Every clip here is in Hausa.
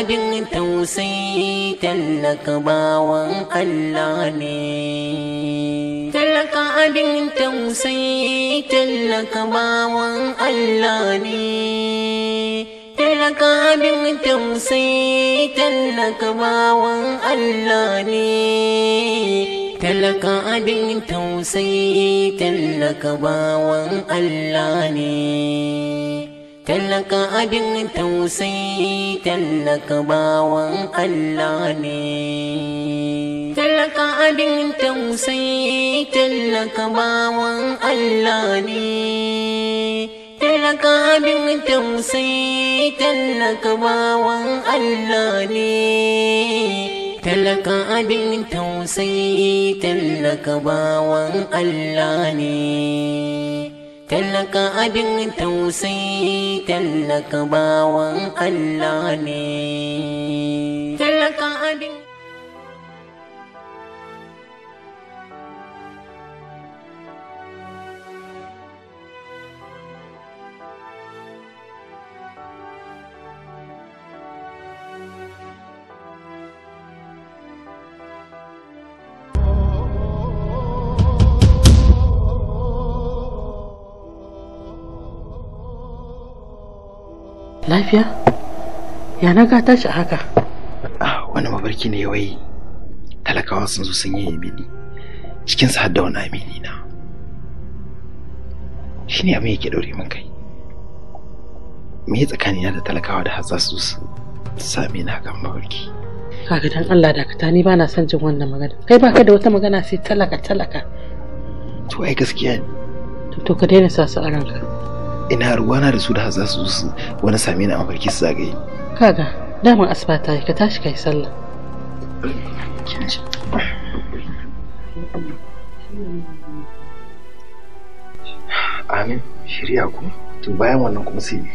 abin tausayi tallaka bawan Allah ne. Tallaka abin tausayi tallaka bawan Allah ne. Tallaka abin tausayi tallaka bawan Allah ne. talaka abin tausayi tallaka bawan Allah ne. tallaka abin tausayi tallaka bawan Allah ne tallaka abin tausayi tallaka bawan Allah ne tallaka abin tausayi tallaka bawan Allah ne talaka abin tausayi tallaka bawan Allah ne. Tallaka abin tausayi tallaka bawan Allah ne. Tallaka abin lafiya ya na gata shi haka ah, wani mabarki ne wai talakawa sun zo sun yi mini cikin sa da wani amini na shine abin yake daure min kai me ya tsakanina da talakawa da hatsa su same na kan mafarki kaga dan Allah dakata ni ba na son jin wannan magana kai baka da wata magana sai talaka talaka to ai gaskiya ne to ka daina sa su a ranka ina ruwana da su da za su su wani same ni a mafarki su zagaye kaga daman asuba ta ka tashi kai sallah amin shirya ku to bayan wannan kuma sai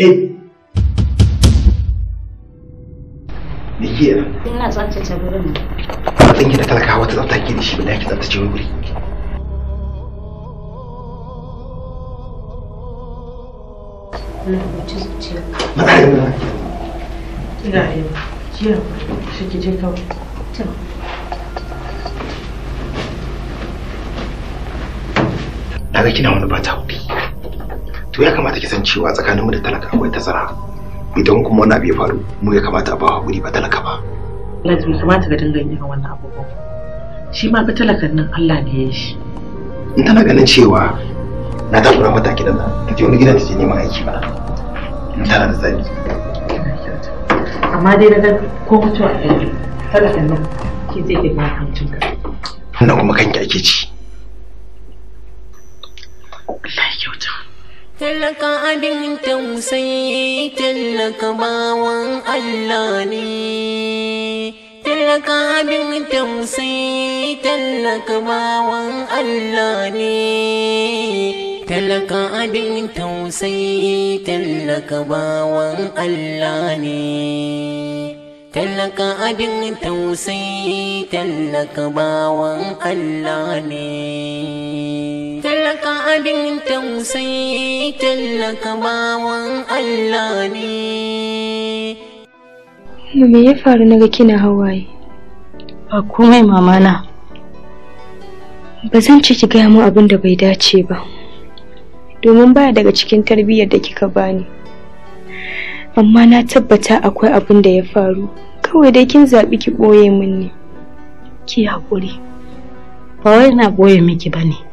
Eh. Me Ina tsaftace da talakawa ta tsafta da shi tsaftace wuri. Ina yi. shi je kawai. Na ga kina wani to ya kamata ki san cewa tsakanin mu da talaka akwai tazara idan kuma wani abu ya faru mu ya kamata a ba hakuri ba talaka ba Alhaji bai kamata ka dinga yin wannan abubuwan shi ma ga talakan nan Allah ne ya yi shi in tana ganin cewa na ta kura mata gidan ta je wani gidan ta je neman aiki ba in tana da zabi amma dai daga ko mutuwa talakan nan ki zai ga ba hancin ka na kuma kanki ake ci Talaka abin tausayi talaka bawan Allah ne. Talaka abin tausayi talaka bawan Allah ne. Talaka abin tausayi talaka bawan Allah ne. Talaka abin tausayi talaka bawan Allah ne. talaka abin tausayi talaka bawan Allah ne. Me ya faru na ga kina hawaye? Ba komai mamana. Ba zan ci ki gaya mu abin da bai dace ba. Domin baya daga cikin tarbiyyar da kika bani. Amma na tabbata akwai abin da ya faru. Kawai dai kin zaɓi ki ɓoye min ne. Ki haƙuri. Ba wai na ɓoye miki ba ne.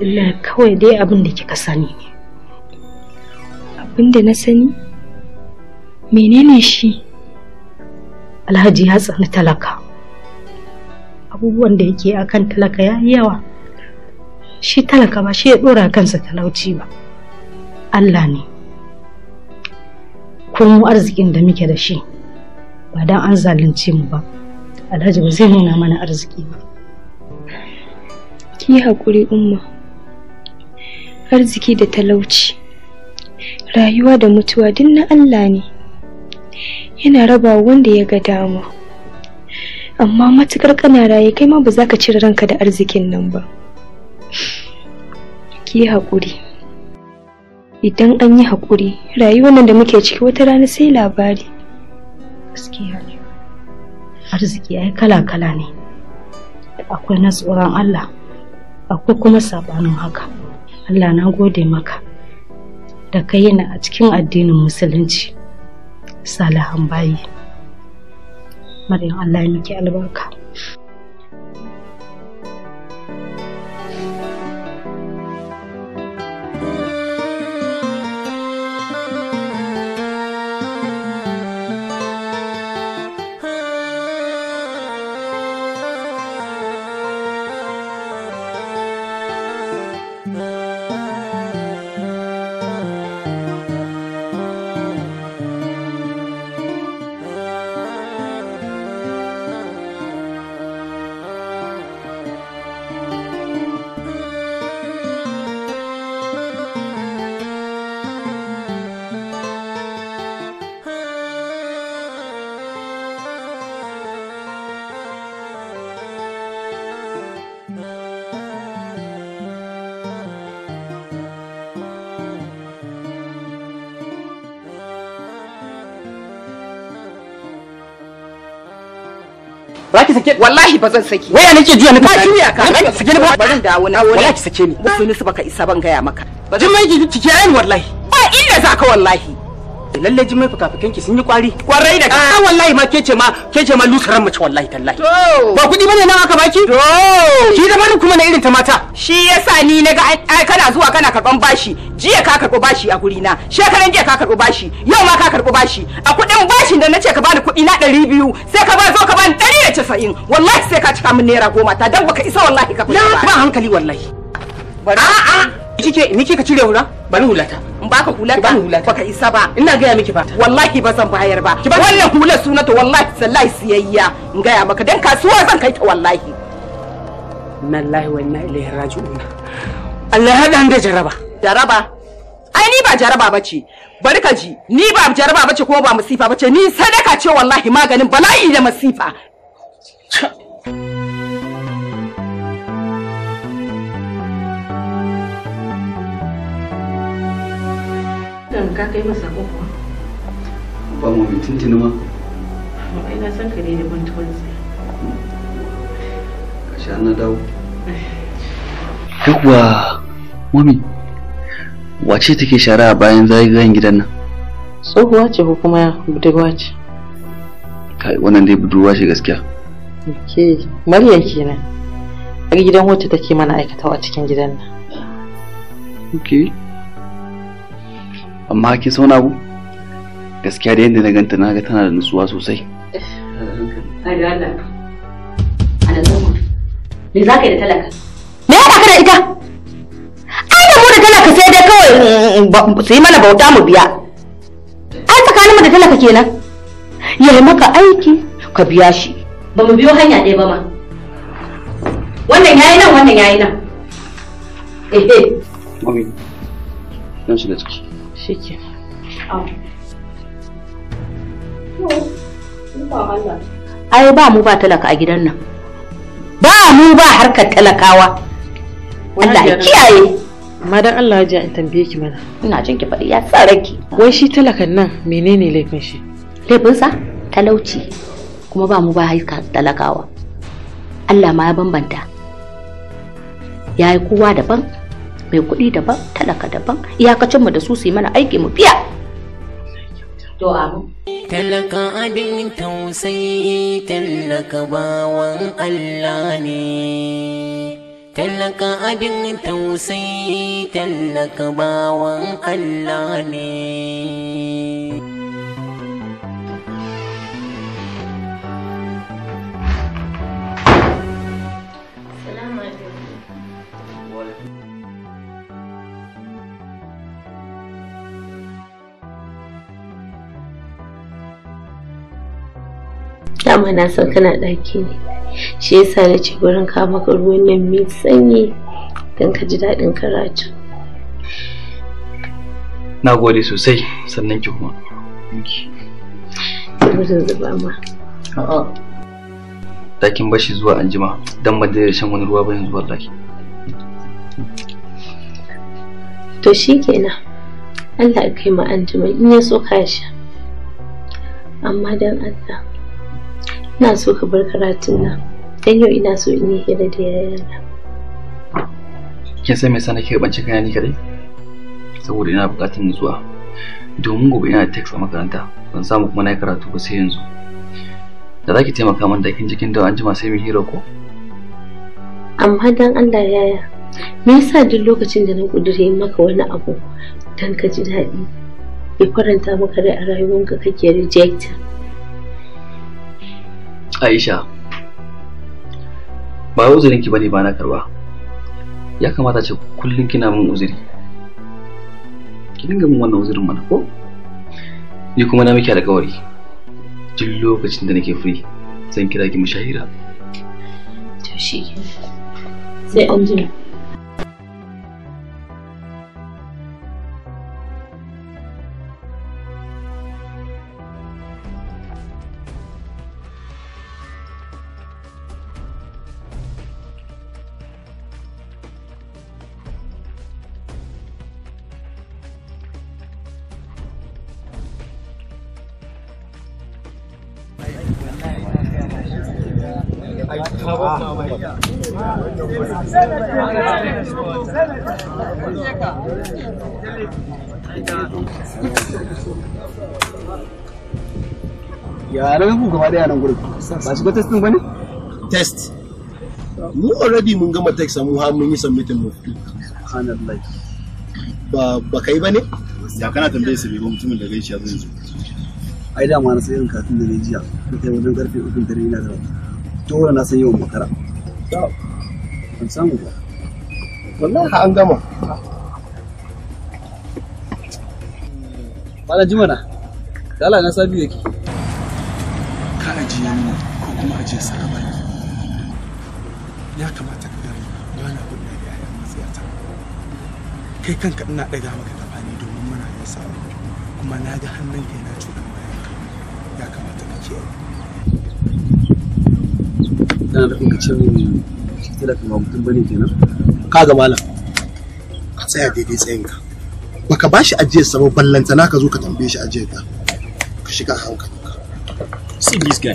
illa kawai dai abin da kika sani ne abin da na sani menene shi alhaji ya tsani talaka abubuwan da yake akan talaka ya yi yawa shi talaka ba shi ya dora kansa talauci ba allah ne kun arzikin da muke da shi ba don an zalunce mu ba alhaji ba zai nuna mana arziki ba ki haƙuri umma arziki da talauci rayuwa da mutuwa duk na Allah ne yana raba wanda ya ga dama amma matukar kana raye kai ma ba za ka cire ranka da arzikin nan ba ki haƙuri idan an yi hakuri, rayuwar nan da muke ciki wata rana sai labari gaskiya ne arziki ai kala-kala ne akwai na tsoron Allah akwai kuma sabanin haka Allah na gode maka da ka yi a cikin addinin musulunci salihan bayi maryam Allah ya miki albarka za ki sake wallahi ba zan sake waya nake juya ni ka juya ka sake ni ba bari dawo na wani ki sake ni musulmi su baka isa ban gaya maka jimai ki ciki ayin wallahi ba inda za ka wallahi lalle jimai fukafukan ki sun yi kwari kwarai da ka ah, wallahi ma kece ma kece ma lusaran mace wallahi tallahi ba kudi bane nan aka baki to shi da barin kuma na irin ta mata shi yasa ni na ga kana zuwa kana karban bashi jiya ka karbo bashi a guri na shekaran jiya ka karbo bashi yau ma ka karbo bashi a bashin da na ce ka bani kuɗi na ɗari biyu sai ka ba zo ka bani ɗari da casa'in wallahi sai ka cika min naira goma ta dan baka isa wallahi ka fita ba hankali wallahi a'a kike ni kika cire hula bani hulata in baka hulata bani hulata baka isa ba ina gaya miki ba wallahi ba zan bayar ba wannan hular sunata wallahi sallahi siyayya in gaya maka dan kasuwa zan kai ta wallahi inna lillahi wa inna ilaihi raji'un Allah ya haɗa da jaraba jaraba ai ni ba jaraba bace bari ka ji ni ba jaraba bace kuma ba masifa bace ni sadaka ce wallahi maganin bala'i da masifa Dan ka kai masa kokon. Ba mu mutum tunuma. Ai na san ka ne da bantuwan sai. Kashi an na dawo. Yawwa, mami, wace take shara a bayan zagayen gidan nan tsohuwa ce ko kuma budurwa ce kai wannan dai budurwa ce gaskiya ke maryam kenan a gidan wacce take mana aikatawa a cikin gidan nan ok amma ki sauna abu gaskiya da yadda na ganta na ga tana da nutsuwa sosai me za ka yi da talaka me ya ka da ita mu da talaka sai dai kawai mm, mm, mm, su yi mana bauta mu biya ai tsakanin mu da talaka kenan ya yi maka aiki ka biya shi ba mu biyo hanya ɗaya ba ma wannan yayi nan wannan yayi nan ehe eh. mami dan da ciki shike ai ba mu ba talaka a gidan nan ba mu ba harkar talakawa Allah ya kiyaye amma dan Allah ya in tambaye ki mana ina jin ki fadi ya tsare ki wai shi talakan nan menene laifin shi laifin laifinsa talauci kuma ba mu ba haika talakawa Allah ma ya bambanta ya yi kowa daban mai kuɗi daban talaka daban iyakacin mu da su su yi mana aiki mu biya to amin talaka abin tausayi talaka bawan Allah ne Tallaka abin tausayi tallaka bawan Allah ne. dama na san kana ɗaki ne shi yasa na ce gurin ka maka ruwan nan mai sanyi don ka ji daɗin karatu na gode sosai sannan ki kuma saboda zuba ma a'a dakin bashi zuwa anjima don ban da shan wani ruwa bayan zuwa daki to shi kenan Allah ya kai ma anjima in ya so ka sha amma don Allah ina so ka bar karatun nan dan yau ina so in yi hira da yayana kin san me yasa nake bance kaya ni kadai saboda ina buƙatar nutsuwa domin gobe ina da text a makaranta ban samu kuma na karatu ba sai yanzu da za ki taimaka min da kin jikin da an jima sai mu hira ko amma dan Allah yaya me yasa duk lokacin da na kudure maka wani abu dan ka ji daɗi ya faranta maka rai a rayuwarka kake rejecting Aisha ba uzurinki bane ba na karba ya kamata ce kullum kina min uzuri ki dinga min wannan uzurin mana ko ni kuma na miki alƙawari duk lokacin da nake free zan kira ki mu to shi sai an jira haɗe nan ba testin ba ne test mu already mun gama text mu har mun yi ba kai ba ya kana tambaye su ba mutumin da gaishe zai zo ai da ma na sayin katun da ne jiya na kai wajen karfe 3 dare ina da na san yawan makara ban samu ba wallahi an gama Malam Jimana, da na sabi yake. je sarama ya kamata ka gani ba na gudunar da yayan matsayata kai kanka ina ɗaga maka gaba ne domin muna yin sa'a kuma na ga hannun kai na cutar bayan ka ya kamata ka kiyaye tana da kuka ce min da kuma mutum bane kenan ka ga malam ka tsaya daidai tsayin ka baka ba shi ajiyar sa ba ballantana ka zo ka tambaye shi ajiyar ka ka shiga hankalinka see this guy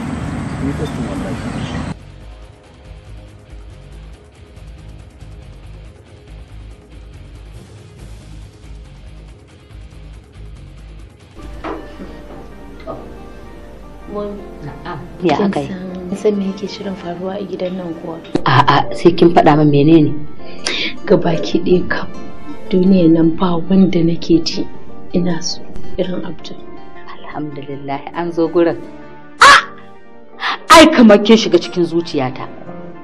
ni kwastin wallahi ya aka yi san me yake shirin faruwa a gidan nan kuwa a'a sai kin faɗa min menene ga baki ɗaya kam nan ba wanda nake ji ina so irin abdul alhamdulillah an zo gurin ai kamar ke shiga cikin zuciyata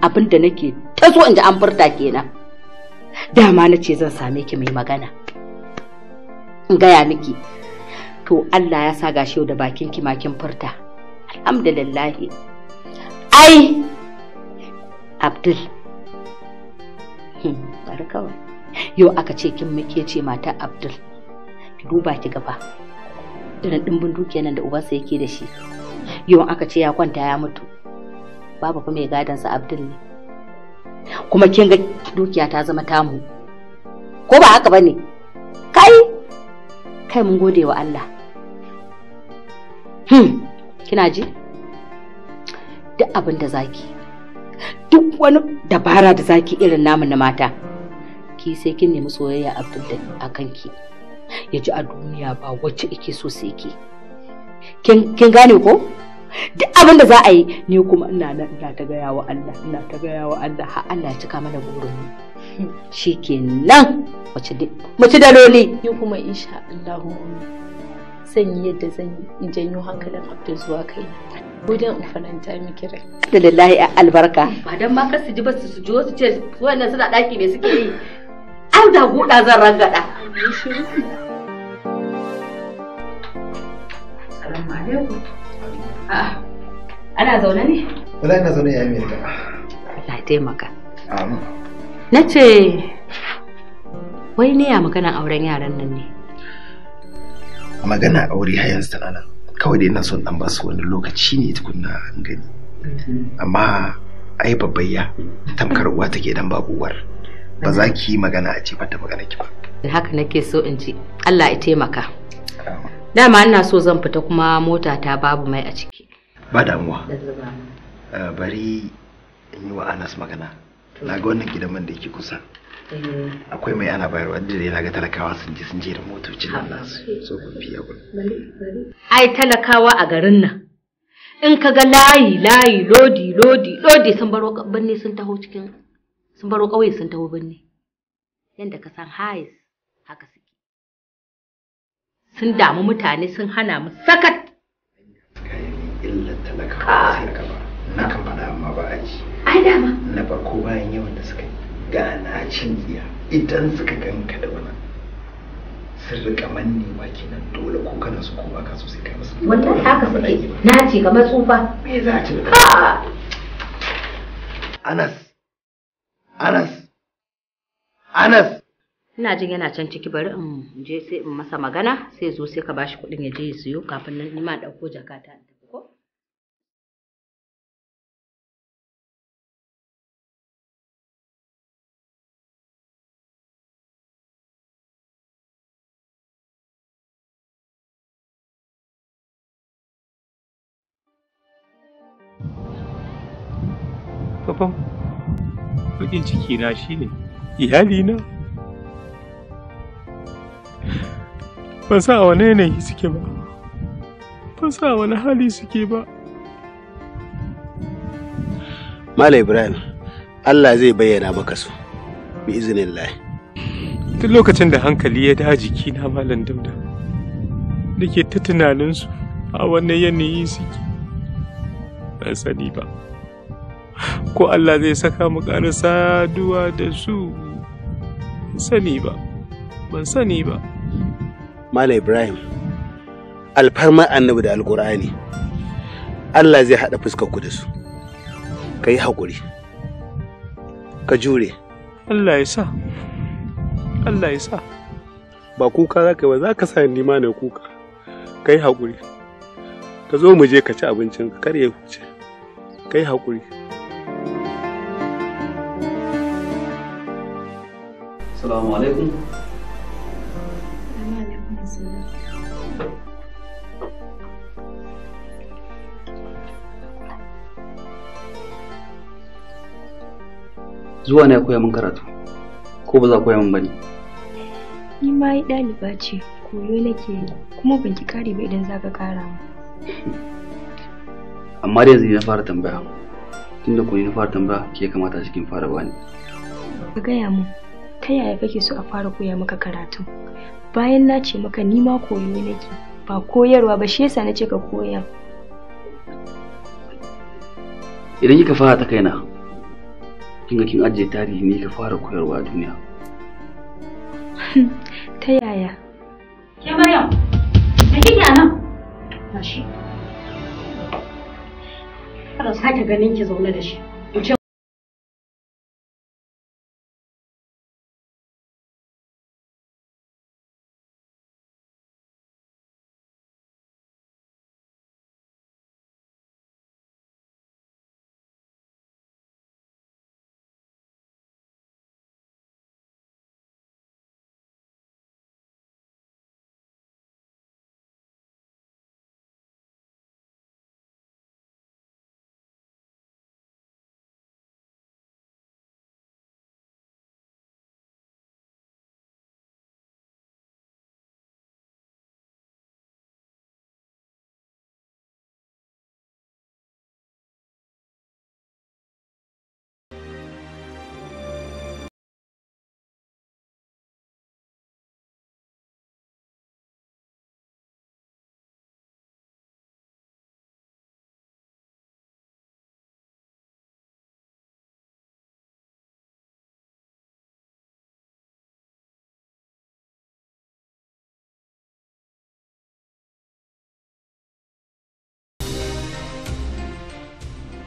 abin da nake ta zo in ji an furta kenan dama na ce zan same ki mai magana in gaya miki to Allah ya sa gashi da bakin ki makin furta alhamdulillahi ai abdul hmm, bari kawai yau aka ce kin muke ce mata abdul duba ki gaba irin dimbin dukiyar nan da ubansa yake da shi yawan aka ce ya kwanta ya mutu babu fa mai gadansa abdul ne kuma kin ga dukiya ta zama tamu ko ba haka bane kai kai mun gode wa Allah hmm kina ji duk abin da zaki duk wani dabara da zaki irin namu na mata ki sai kin nemi soyayya abdul da akan ki ya ji a duniya ba wacce ike so sai ki kin gane ko duk abin da za a yi ni kuma ina nan ina ta gaya wa Allah ina ta gaya wa Allah har Allah ya cika mana burin mu shikenan wace dai mace loli ni kuma insha Allah san yi yadda zan yi janyo hankalin Abdul zuwa kai gudan in faranta miki rai da lillahi albarka ba dan ma kar su ji ba su ji su ce wannan suna daki me suke yi an da guda zan rangada Assalamu alaikum Ana zaune ne? Wala ina zaune ya yi mai Allah taimaka. Na ce, wai ne ya magana auren yaran nan ne? Magana aure har yanzu tana nan. Kawai dai ina son dan basu wani lokaci ne tukunna an gani. Mhm. Amma ai babayya tamkar uwa take dan babuwar. Ba za ki yi magana a ce ta magana ki ba. Da Haka nake so in ji. Allah ya taimaka. dama ina so zan fita kuma mota ta babu mai a ciki ba damuwa eh, bari in yi wa anas magana na ga wannan gidan man da yake kusa eh. akwai mai ana bayarwa da dai ga talakawa sun je sun je da motocin nan nasu so ku fiye ku ai talakawa a garin nan in ka ga layi layi lodi lodi lodi sun baro birni sun taho cikin sun baro ƙauye sun taho banni yanda ka san hais haka sun damu mutane sun hana mu sakat na kan faɗa amma ba a ji ai dama na farko bayan yawan da suka gana cin iya idan suka ganka da wani sun rika manne ma kenan dole ko kana su koma ka so sai ka musu wallahi haka suke na ce kamar tsufa me za ci da Anas Anas Anas ina jin yana can ciki bari in je sai in masa magana sai zo sai ka bashi kuɗin ya je ya siyo kafin nan ni ma ɗauko jakata ta tafi ko Babban ciki na shi ne na. ban sa wani yanayi suke ba ban sa wani hali suke ba Malam Ibrahim Allah zai bayyana maka su bi izinillah duk lokacin da hankali ya da jiki na malam dauda da ke ta tunaninsu a wani yanayi suke ban sani ba ko Allah zai saka mu ƙara saduwa da su sani ba ban sani ba Mala Ibrahim, alfarma annabi da Alqurani. Allah zai haɗa fuskar ku da su. Ka yi haƙuri, ka jure. Allah ya sa, Allah ya sa. Ba kuka za ka yi ba za ka sa ni ma na kuka, ka yi haƙuri. Ka zo mu je ka ci abincin ka kar ya huce, ka yi haƙuri. Salamu alaikum. zuwa na koya min karatu ko ba za koya min bane ni ma yi ɗaliba ce koyo nake kuma ban ki kare ba idan za ka kara mu amma da yanzu na fara tambaya tunda ku na fara tambaya ke kamata cikin fara bani ka gaya mu ta yaya kake so a fara koya maka karatu bayan na ce maka ni ma koyo nake ba koyarwa ba shi yasa na ce ka koya idan kika fara ta kaina kin kin ajiye tarihi ne ka fara koyarwa a duniya ta yaya ke maryam me kike a nan tashi kada sake ganin ki zaune da shi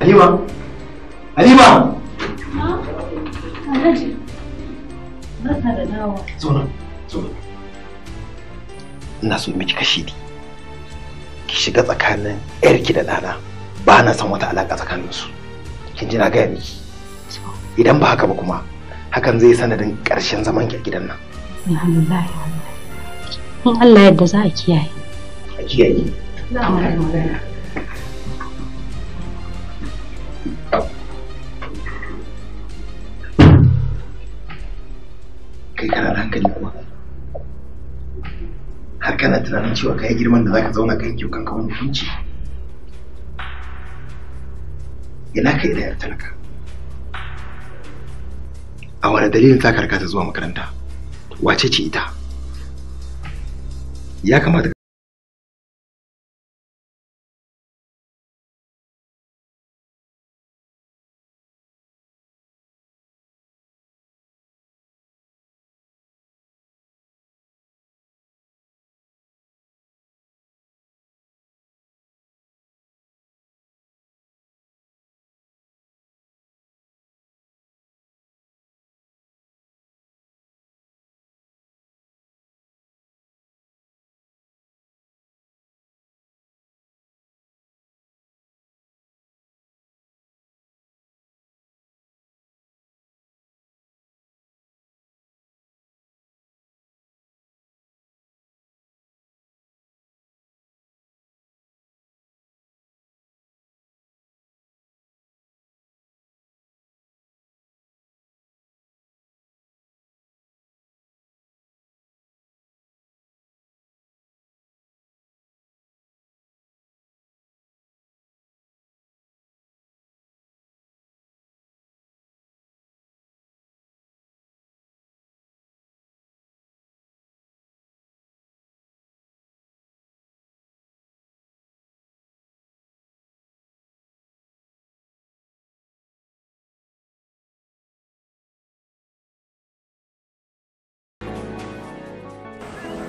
Halima? Halima! Ah, Alhaji, barka da Ina Ki shiga tsakanin ‘yarki da ɗana ba na san wata alaƙa tsakaninsu. Kin ji na gaya miki. Idan ba haka ba kuma, hakan zai sanadin ƙarshen zaman ki a gidan nan. Alhamdulillah, In Allah yadda za a kiyaye. A kiyaye. Na magana. kai kana da hankali kuwa har kana tunanin cewa ka yi girman da zaka zauna kai kyau kanka wani hukunci ina kai da yar talaka a wani dalilin za ta zuwa makaranta wace ce ita ya kamata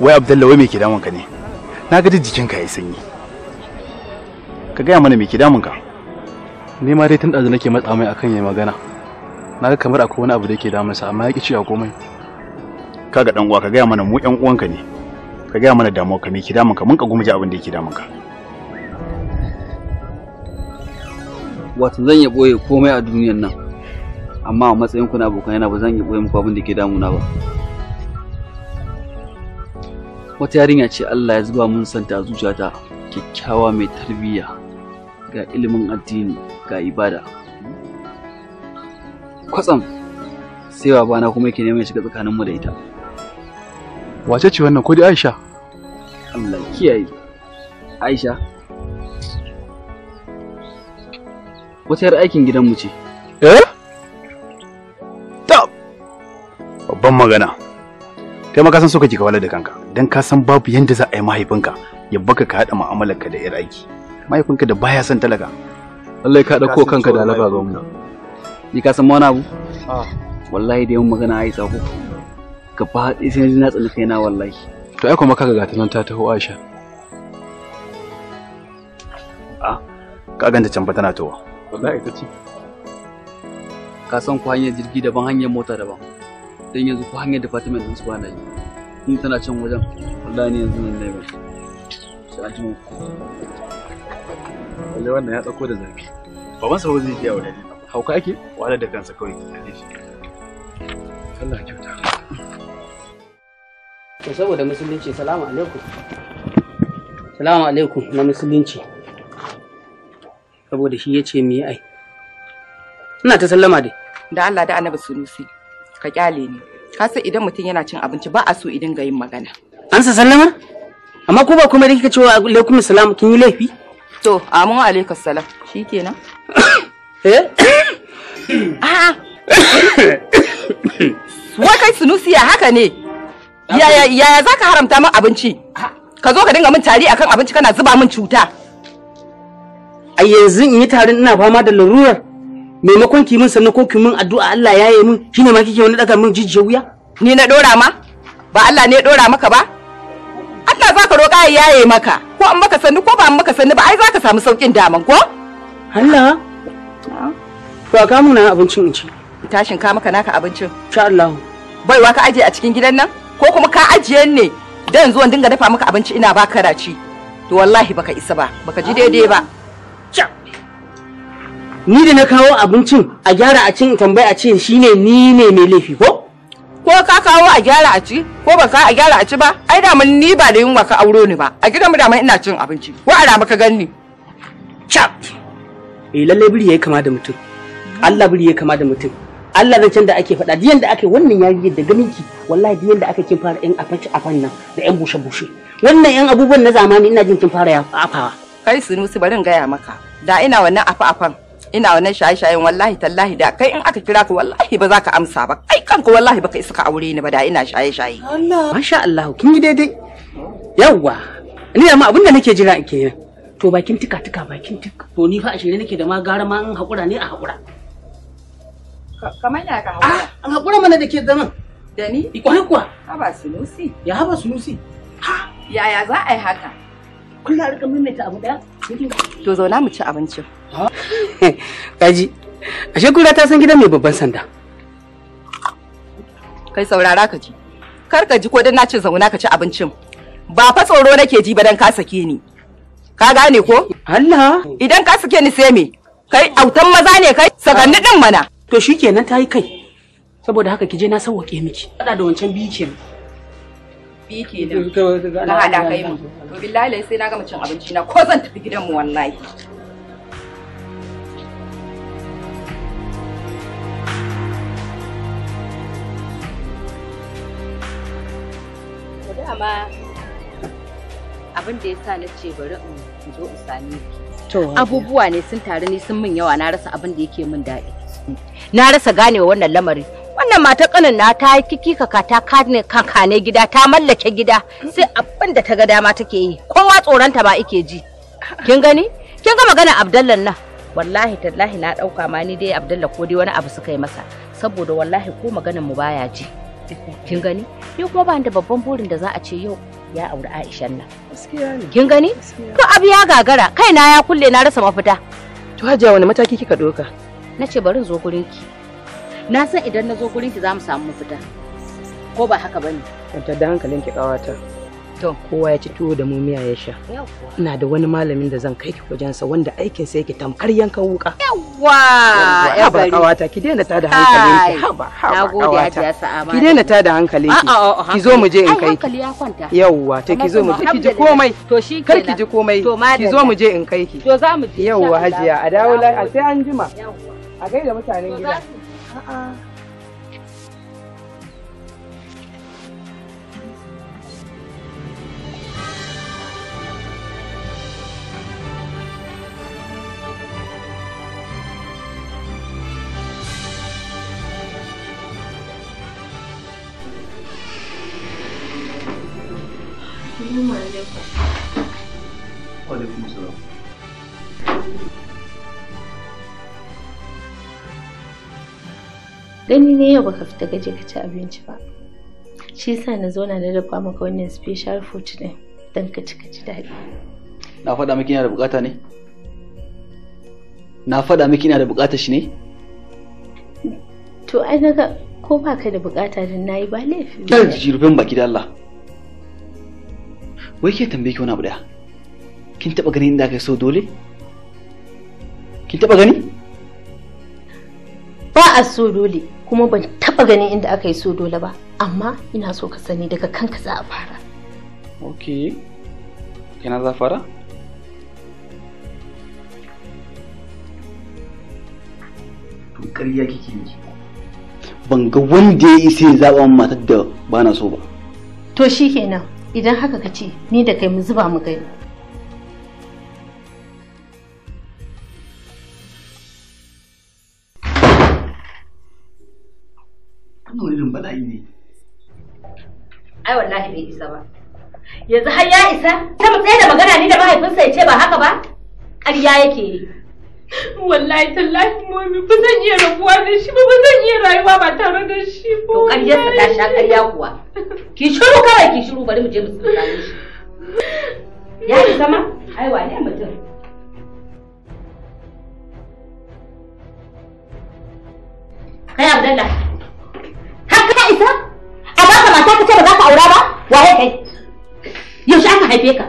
wai abdalla wai me ke damun ka ne na ga duk jikinka yayi sanyi ka gaya mana me ke damun ka ni ma dai tun ɗazu nake matsa mai akan yayi magana na ga kamar akwai wani abu da yake damun sa amma ya ki cewa komai kaga dan uwa ka gaya mana mu ƴan uwanka ne ka gaya mana damuwa ka me ke damun ka mun ka ji abin da yake damun ka wato zan ya boye komai a duniyar nan amma a matsayin kuna abokan yana ba zan ya boye muku abin da ke damuna ba wata yarinya ce Allah ya zuba mun santa zuciyata kyakkyawa mai tarbiyya ga ilimin addini ga ibada kwatsam sai bana kuma yake neman shiga tsakaninmu da ita wace ce wannan ko dai Aisha Allah kiyaye Aisha wata yar aikin gidanmu ce eh Ta. babban magana kai ma ka san so kake ka da kanka dan ka san babu yanda za a yi mahaifinka ya baka ka hada mu'amalar ka da yar aiki mahaifinka da baya son talaka wallahi ka dauko kanka da alaba ga mu ni ka san wani abu ah. wallahi da yawan magana ai tsako gaba ɗaya sai na tsani kaina wallahi to ai kuma kaga gata nan ta taho Aisha a ah, ka ganta can ba tana towa wallahi ta ce ka san ku hanyar jirgi daban hanyar mota daban dan yanzu ko hanyar department din su ba na yi in tana can wajen wallahi ne yanzu nan ne sai an ji mu wallahi wannan ya tsako da zafi baban sabo zai ya a hauka ake wahalar da kansa kawai Allah ya kyauta to saboda musulunci salamu alaikum salamu alaikum na musulunci saboda shi ya ce mu ai ina ta sallama dai da Allah da annabi sunusi ka kyale ni ka san idan mutum yana cin abinci ba a so idan ga yin magana an sa sallama amma ko ba kuma da kika wa alaikum salam kin yi laifi to amin wa alaikum salam shikenan eh a'a wai kai sunusiya haka ne yaya yaya zaka haramta min abinci ka zo ka dinga min tari akan abinci kana zuba min cuta a yanzu in yi tarin ina fama da larurar maimakon ki min sannan ko ki min addu'a Allah ya yi min shine ma kike wani daga min jijje wuya ni na dora ma ba Allah ne ya dora maka ba Allah zaka roƙa ya yaye maka ko an maka sanni ko ba an maka sanni ba ai zaka samu saukin daman ko Allah to ah. ka mun abincin in ci tashin ka maka naka abincin insha Allah baiwa ka aje a cikin gidan nan ko kuma ka ajiye ne dan zuwan dinga dafa maka abinci ina baka raci to wallahi baka isa ba baka ji daidai ba ni da na kawo abincin a gyara a cin tambaya a ce shine ni ne mai laifi ko ko ka kawo a gyara a ci ko ba ka a gyara a ci ba ai da mun ni ba da yunwa ka auro ni ba a gidan mu da ina cin abinci ko a rama ka ganni chap eh lalle biri yayi kama da mutum Allah biri yayi kama da mutum Allah can da ake faɗa diyan da ake wannan yarinyar da ganin ki wallahi diyan da aka kin fara yan afaci afan nan da yan bushe bushe wannan yan abubuwan na zamani ina jin kin fara afawa kai su nusu bari in gaya maka da ina wannan afa afan ina wannan shaye-shayen wallahi tallahi da kai in aka kira ka wallahi ba za ka amsa ba kai kanka wallahi baka isa ka aure ni ba da ina shaye-shaye Allah masha Allah kin yi daidai yawwa ni amma ma abin da nake jira kenan to bakin tika tuka bakin tika to ni fa a shirye nake da ma gara ma in hakura ne a hakura kamar ya ka hakura an ah, hakura mana da ke zaman da ni ikwanin kuwa ba sunusi ya ba sunusi ha yaya za a yi haka kuna rika maimaita abu daya to zauna mu ci abincin kaji ashe kura ta san gidan mai babban sanda kai saurara ka ji kar ka ji ko dan na ce zauna ka ci abincin ba fa tsoro nake ji ba dan ka sake ni ka gane ko Allah idan ka sake ni sai me kai autan maza ne kai sakanni din mana to shikenan ta yi kai saboda haka ki je na sauwake miki fada da wancan biyu kenan biyu kenan ka haɗa kai to billahi sai na gama cin abinci na ko zan tafi gidan mu wallahi dama abin da ya sa na ce bari in zo in abubuwa ne sun taru ni sun min yawa na rasa abin da yake min daɗi na rasa ganewa wannan lamari wannan matar kanin na ta yi kiki kaka ta kankane gida ta mallake gida sai abin da ta ga dama take yi kowa tsoronta ba ike ji kin gani kin ga magana abdallan nan wallahi tallahi na dauka ma ni dai abdalla ko dai wani abu suka yi masa saboda wallahi ko maganan mu baya ji kin gani ni kuma ba da babban burin da za a ce yau ya auri Aishan nan kin gani to abu ya gagara na ya kulle na rasa mafita to hajiya wani mataki kika doka nace bari zo gurin ki na san idan na zo gurin ki za mu samu mafita ko ba haka bane kwantar da hankalin ki kawata to kowa ya ci tuwo da mumiya ya sha ina da wani malamin da zan kai ki sa wanda aikin sa yake tamkar yankan wuka yawa ya ba kawata ki daina tada hankalin ki haba haba kawata ki daina tada hankalin ki ki zo mu je in kai hankali ya kwanta yawa to ki zo mu je ki ji komai to shi kar ki ji komai ki zo mu je in kai ki to za mu je yawa hajiya a dawo sai an jima a gaida mutanen gida 啊。gani ne yau baka fita gaje ka ci abinci ba shi yasa na zauna na dafa maka wannan special food din don ka ci ka ji daɗi na faɗa miki yana da bukata ne na faɗa miki yana da bukata shi ne to ai naga ko baka da bukata din nayi ba laifi ba ji rufin baki da Allah wai ke tambaye ki wani abu daya kin taba ganin inda kai so dole kin taba gani ba a so dole kuma ban taba ganin inda aka yi so dole ba amma ina so ka sani daga kanka za a fara ok kina za fara to ƙarya kike yi ban ga wanda ya isa ya zaɓa matar da ba na so ba to shi kenan idan haka ka ce ni da kai mu zuba mu gani Wannan wani irin bala'i ne. Ai wallahi bai isa ba. Yanzu har ya isa, ta mu tsaye da magana ni da mahaifinsa ya ce ba haka ba? Ƙarya yake yi. Wallahi tallahi momi ba zan iya rabuwa da shi ba ba zan iya rayuwa ba tare da shi ba. To ƙaryarsa ta sha ƙarya kuwa. Ki shiru kawai ki shiru bari mu je mu tsinta shi. Ya isa ma? Ai wane mutum? kai abdallah ka aura ba waye kai yaushe aka haife ka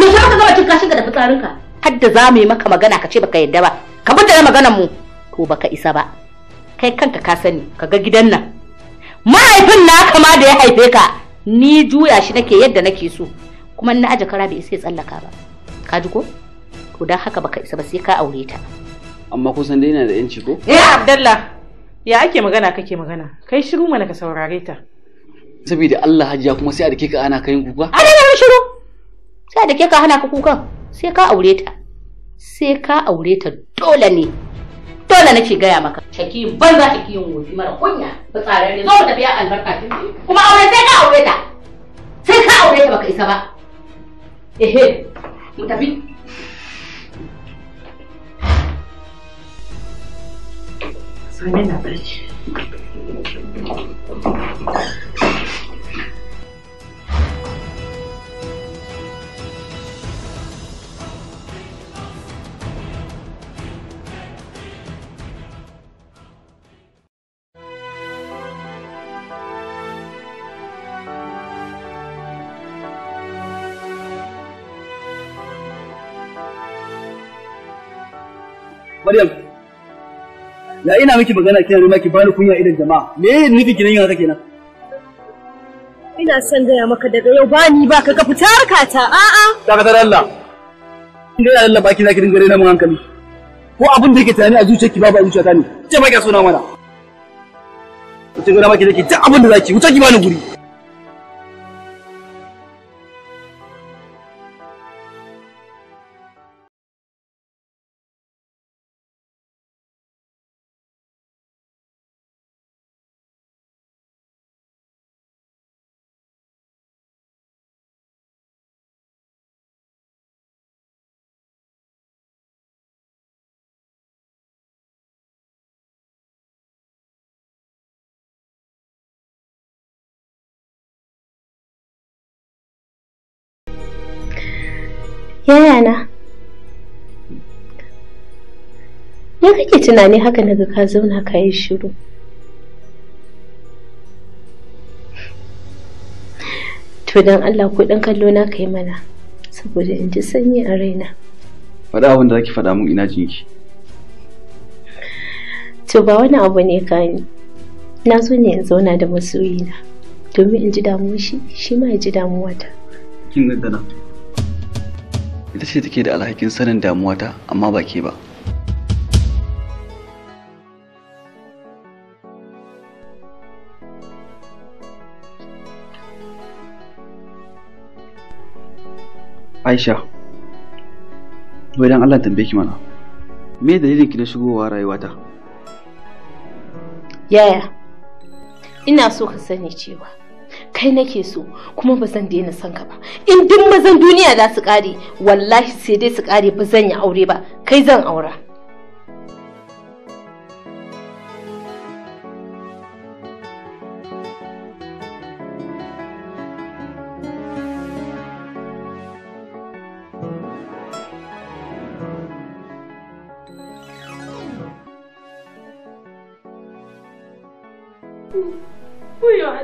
yaushe aka gaba cin kashin ka da fitsarin ka hadda za mu yi maka magana ka ce baka yadda ba ka bude da maganar mu to baka isa ba kai kanka ka sani ka ga gidan nan mahaifin na kama da ya haife ka ni juya shi nake yadda nake so kuma na aje kara bai isa ya tsallaka ba ka ji ko to dan haka baka isa ba sai ka aure ta amma san dai yana da yanci ko eh abdallah ya ake magana kake magana kai shiru mana ka saurare ta saboda Allah hajiya kuma sai a dake ka ana kayin kuka a nan shiru sai a dake ka hana ka kukan sai ka aure ta sai ka aure ta dole ne dole nake gaya maka shaki ban za ki yin gobe mara kunya ba tsare ne zo mu tafiya albarka kuma aure sai ka aure ta sai ka aure ta baka isa ba ehe mu tafi Sani na barci. ya ina miki magana kina nema ki bani kunya idan jama'a me ne nufi kinan yana kenan ina son gaya maka daga yau ba ni ba ka ka fita harkata a'a daga tare Allah inda ya Allah baki zaki dinga rena mun hankali ko abin da yake tunani a ki babu a zuciyata ne ce ba ki suna mana ki ga maki ki ta abin da zaki wuce ki bani guri yayana me kake tunani haka naga ka zauna ka yi shiru to don allah ko dan kallo na ka yi mana saboda in ji sanyi a raina faɗa abin da zaki faɗa mun ina jinki to ba wani abu ne kani na zo ne in zauna da masoyina domin in ji damuwa shi shi ma ya ji damuwata kin gaddana ita ce take da alhakin sanin damuwata amma ba ke ba Aisha, wai Allah tambaye ki mana, me dalilin ki na shigowa rayuwata? Yaya, ina so ka sani cewa kai nake so kuma ba zan daina son ka ba in duk mazan duniya za su kare wallahi sai dai su kare ba zan yi aure ba kai zan aura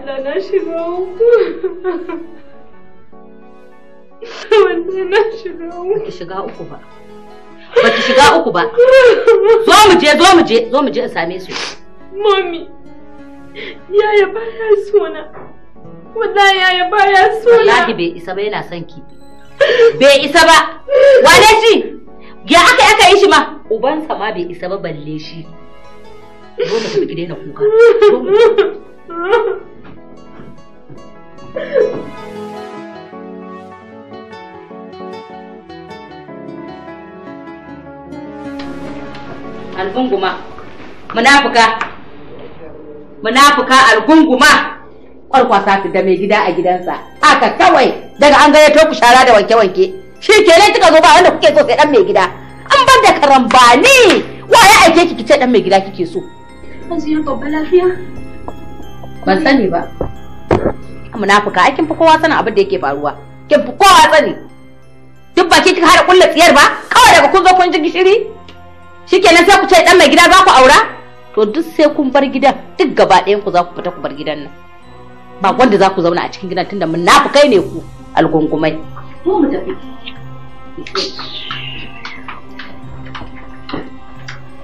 Allah na shiga uku. Wallahi na shiga uku. Ki shiga uku ba. Ba ki shiga uku ba. Zo mu je zo mu je zo mu je same su. Yaya baya sona. Wallahi sona. Wallahi bai isa ba yana son ki. Bai isa ba. Wane shi? Ya aka aka yi shi ma. Ubansa ma bai isa ba balle shi. Zo mu tafi ki daina kuka. Zo mu Algunguma, munafuka, munafuka algunguma, ƙwarƙwasa su da mai gida a gidansa, haka kawai daga an gayyato ku shara da wanke-wanke. Shi kenan kika zo ba wanda kuke so sai ɗan mai gida, an ban da karambani, wa ya aike ki kice ɗan mai gida kike so. lafiya. Ban sani ba. munafuka ai kin fi kowa sanin abin da yake faruwa kin fi kowa sani duk baki kika hada kullu tsiyar ba kawai daga kun zo kun ji gishiri shikenan sai ku ce dan mai gida za ku aura to duk sai kun bar gidan duk gaba ɗayan ku za ku fita ku bar gidan nan ba wanda za ku zauna a cikin gidan tunda munafukai ne ku algungumai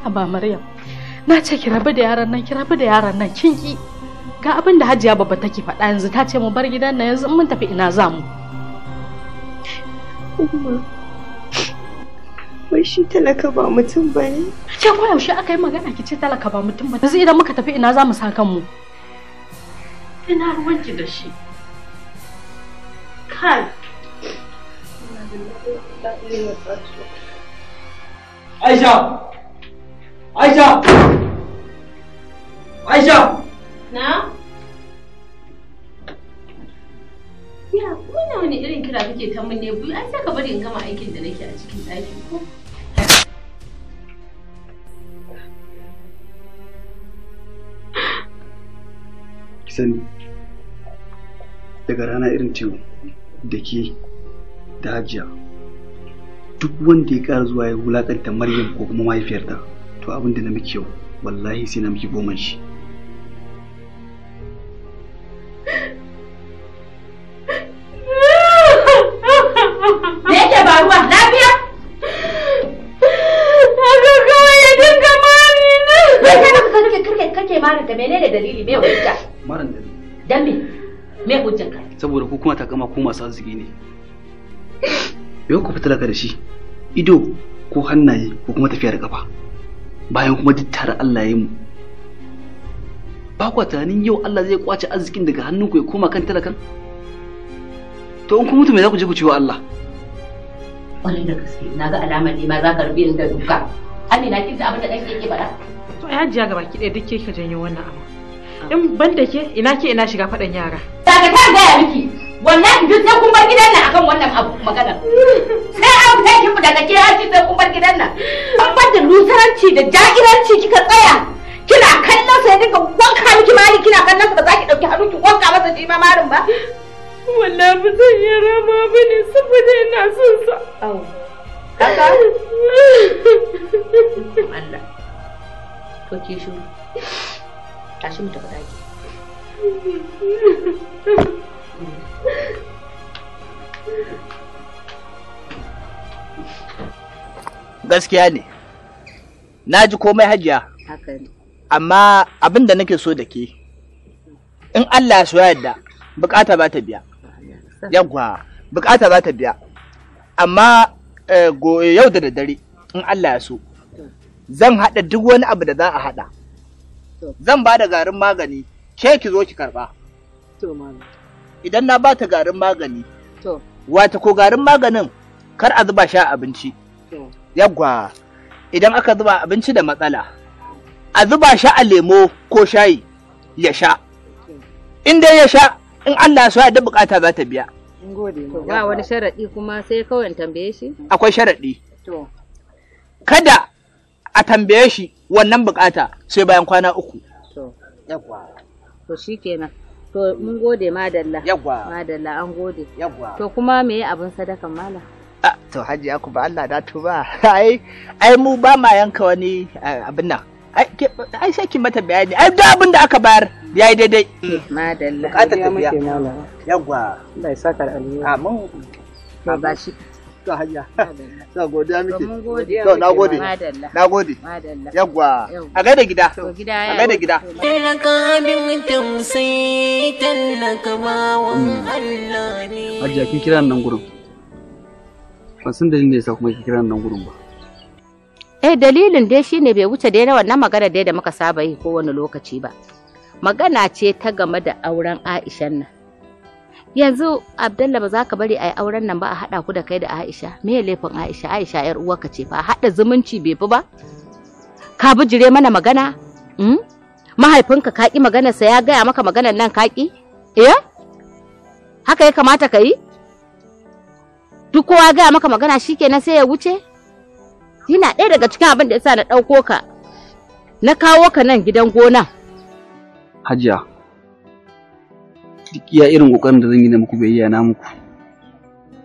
Aba Maryam, na ce ki rabu da yaran nan, ki rabu da yaran nan, kin ki. ga abin da hajiya babba take faɗa yanzu ta ce mu bar gidan nan yanzu mun tafi ina za mu wai shi talaka ba mutum ba ne ce ko yaushe aka yi magana ki ce talaka ba mutum ba yanzu idan muka tafi ina za mu sa kanmu ina ruwan ki da shi kai Aisha! Aisha! Aisha! Na? Ya, wannan wani irin kira kake ta mun ne? Ai sai ka bari in gama aikin da nake a cikin ɗaki ko? Sani, daga rana irin ciwo da ke da hajiya duk wanda ya ƙara zuwa ya wulaƙanta Maryam ko kuma mahaifiyarta to abin da na miki yau wallahi sai na miki goma shi. kanka menene dalili me hujja Maran dalili dan me me hujjan ka saboda ku kuma takama ku masu arziki ne Me ku fitar da shi ido ko hannaye ko kuma tafiya da kafa bayan kuma duk tare Allah ya mu ba kwa tunanin yau Allah zai kwace arzikin daga hannunku ya koma kan talakan to in ku mutu me za ku je ku ciwo Allah ƙwarai da gaske na ga alamar ne ma za ka rubi inda duka Amina kin ji abin da ɗan ke faɗa? To ya hajiya gaba ki ɗaya duk ke ka janyo wannan abu. In ban da ke ina ke ina shiga faɗan yara. Daga ta gaya miki wannan duk sai kun bar gidan nan akan wannan abu magana. Sai an fita kin fita da ke haji sai kun bar gidan nan. An bar da lusaranci da ja'iranci kika tsaya. Kina kallon sa ya dinga wanka miki mali kina kallon sa ba za ki ɗauki hannu ki wanka masa shi ma marin ba. Wallahi ba zan yi rama ba ne saboda ina son sa. Allah. To ke shuru. Tashi mu tafi daki. Gaskiya ne. Na ji komai hajiya. Amma abin da nake so da ke, in Allah ya so yadda, bukata ba ta biya. Yagwa, bukata ba ta biya. Amma Eh, eh, yau da daddare in Allah ya so zan haɗa duk wani abu da za a haɗa zan ba da garin magani ke ki zo ki karɓa idan na ba ta garin magani wata ko garin maganin kar a zuba sha abinci yagwa idan aka zuba abinci da matsala a zuba sha a lemo ko shayi ya sha in dai ya sha in Allah ya so ya da bukata za ta biya Ba wani sharaɗi kuma sai kawai tambaye shi? Akwai sharaɗi. Kada a tambaye shi wannan bukata sai bayan kwana uku. To, To shi kenan. To mun gode madalla. Madalla an gode. To kuma me abin sadakan Ah, to ya ku ba Allah da tuba ai ai mu ba ma yanka wani eh, abin nan ai sai ki mata bayani ai da abin da aka bayar ya yi daidai eh, madalla bukatar tafiya yawwa Allah ya saka a mun amin ba shi to hayya to godiya miki to nagode nagode yawwa a gaida gida a gaida gida talaka bin mutum sai talaka bawan hmm. Allah ne Hajiya kin kira nan gurin ban san dalilin da sa kuma kin kira nan gurin ba eh dalilin dai shine bai wuce dai na wannan magana dai da muka saba yi kowane lokaci ba magana ce ta game da auren Aisha nan yanzu Abdullahi, ba za ka bari a yi auren nan ba a haɗa ku da kai da Aisha me ya laifin Aisha Aisha yar uwarka ce fa haɗa zumunci bai fi ba ka bijire mana magana hmm? mahaifinka ka ƙi maganarsa ya gaya maka maganar nan ka ƙi eh haka ya kamata ka yi duk kowa gaya maka magana shikenan sai ya wuce yana ɗaya daga cikin abin da ya sa na ɗauko ka na kawo ka nan gidan gona. Hajiya, duk iya irin ƙoƙarin da zan yi na muku bai na muku.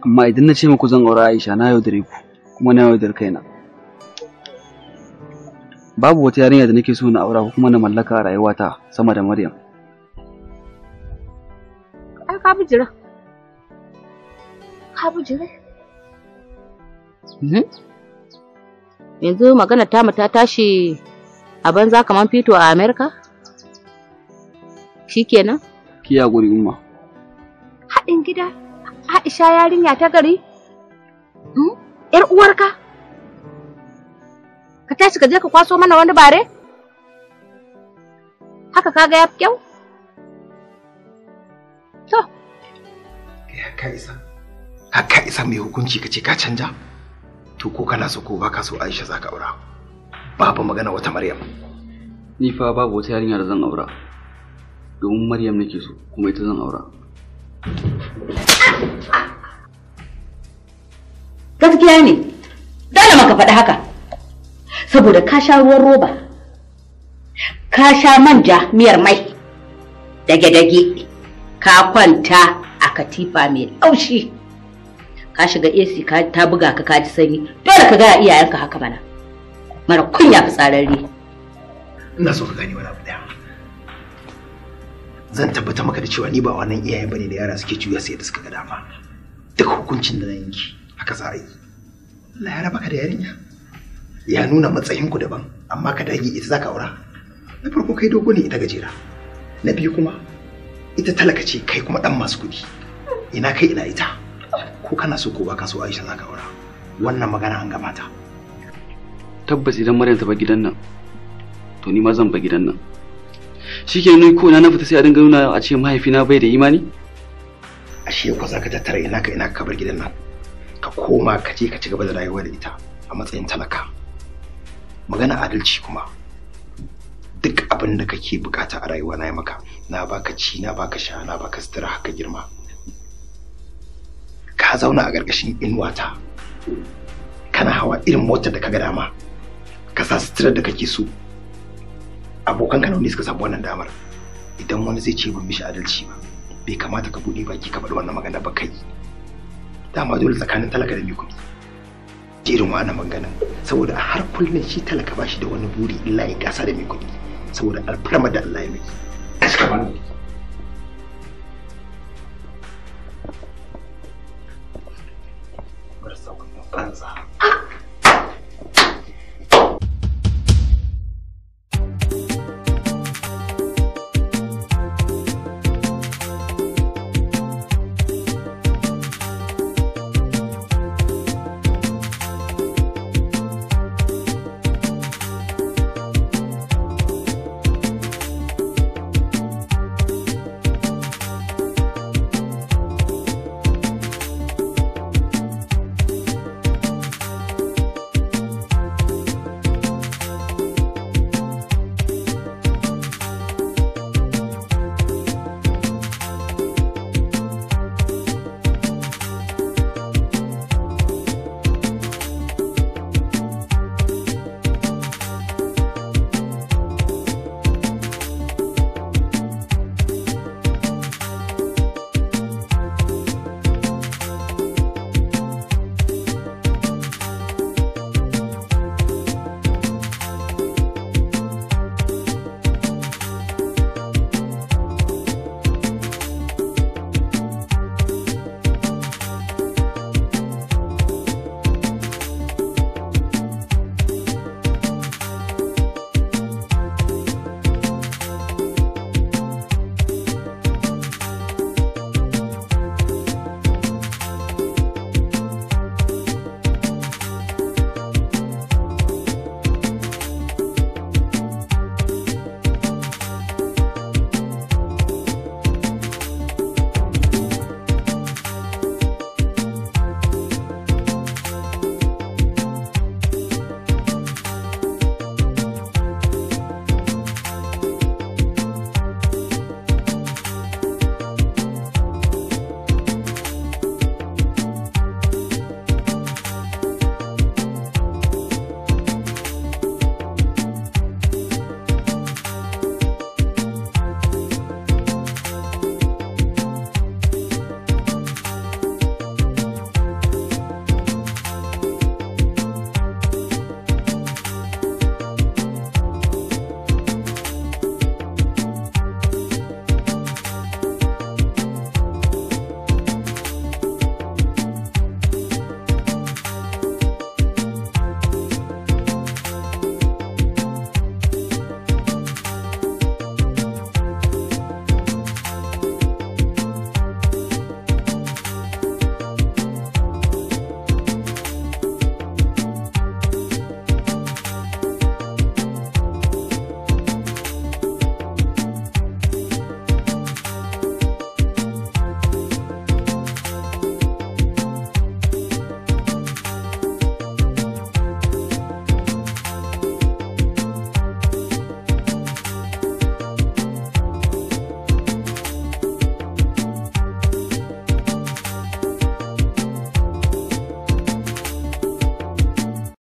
Amma idan na ce muku zan aure Aisha na yaudare ku kuma na yaudar kaina. Babu wata yarinya da nake so na aura ko kuma na mallaka a rayuwata sama da Maryam. Ai ka bijira. Ka bijira. Mm-hmm. yanzu magana tamu ta tashi a banza kamar fito a amerika shikenan ki ya guri umma haɗin gida aisha yarinya ta gari hmm? yar uwarka ka tashi ka je ka kwaso mana wani bare haka ka ga yafi kyau to ka isa ka isa mai hukunci ka ce ka canja to ko kana so ko baka so Aisha zaka aura babu magana wata Maryam ni fa babu wata yarinya da zan aura domin Maryam nake so kuma ita zan aura gaskiya ne dole maka faɗi haka saboda ka sha ruwan roba ka sha manja miyar mai dage-dage ka kwanta a katifa mai laushi ka shiga AC ka ta buga ka ka ji sanyi dole ka ga iyayenka haka bana mara kunya fitsararre ina so ka gani wani abu daya zan tabbata maka da cewa ni ba wannan iyayen bane da yara suke juya sai da suka ga dama duk hukuncin da na yanki haka za a yi Allah ya raba ka da yarinya ya nuna matsayin ku daban amma ka dage ita zaka aura na farko kai dogo ne ita gajera na biyu kuma ita talaka ce kai kuma dan masu kuɗi ina kai ina ita ko kana so ko baka so Aisha zaka aura wannan magana an ta tabbas idan Maryam ta ba gidan nan to ni ma zan ba gidan nan shike ni ko na fita sai a dinga nuna a ce mahaifina bai da imani ashe ko zaka tattara ina ka ina ka bar gidan nan ka koma ka je ka ci gaba da rayuwa da ita a matsayin talaka magana adalci kuma duk abin da kake bukata a rayuwa na yi maka na baka ci na baka sha na baka sutura haka girma zauna a ƙarƙashin inuwata kana hawa irin motar da ka ga dama ka sa sutura da kake so abokan ka ne suka samu wannan damar idan wani zai ce ban mishi adalci ba bai kamata ka buɗe baki ka faɗi wannan magana ba kai dama dole tsakanin talaka da mai kuɗi irin wannan maganan saboda har kullum shi talaka ba shi da wani buri illa ya gasa da mai kuɗi saboda alfarma da Allah ya mai. 案子。